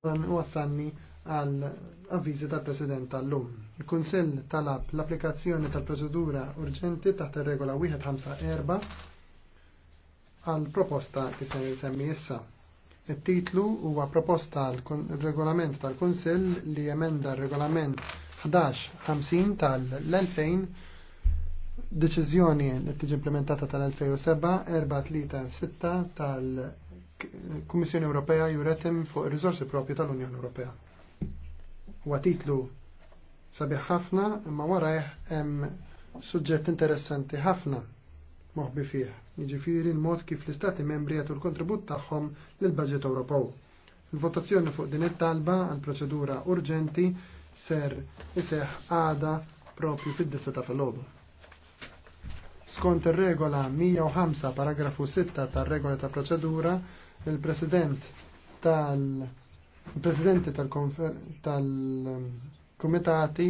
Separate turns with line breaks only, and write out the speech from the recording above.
Dan wassanni għal avviżi tal-President tal-lum. Il-Kunsell talab l-applikazzjoni tal procedura urġenti taħt ir-regola 154 għal proposta li se semmi issa. Il-titlu huwa proposta għal regolament tal-Kunsell li emenda regolament 1150 tal-2000 deċiżjoni li tiġi implementata tal-2007 436 tal 2007 Kummissjoni Ewropea juretem fuq ir-riżorsi propju tal-Unjoni Ewropea. Huwa titlu sabiħ ħafna imma warajh hemm suġġett interessanti ħafna moħbi fih. Jiġifieri l-mod kif l-Istati membri jagħtu l-kontribut tagħhom lil budget Ewropew. Il-votazzjoni fuq din it-talba għal proċedura urġenti ser iseħ għada propju fid-disa ta' filgħodu. Skont ir-regola 105 paragrafu 6 tar-regola ta' proċedura, il-President tal-Presidenti tal-Komitati tal tal mm, kumitati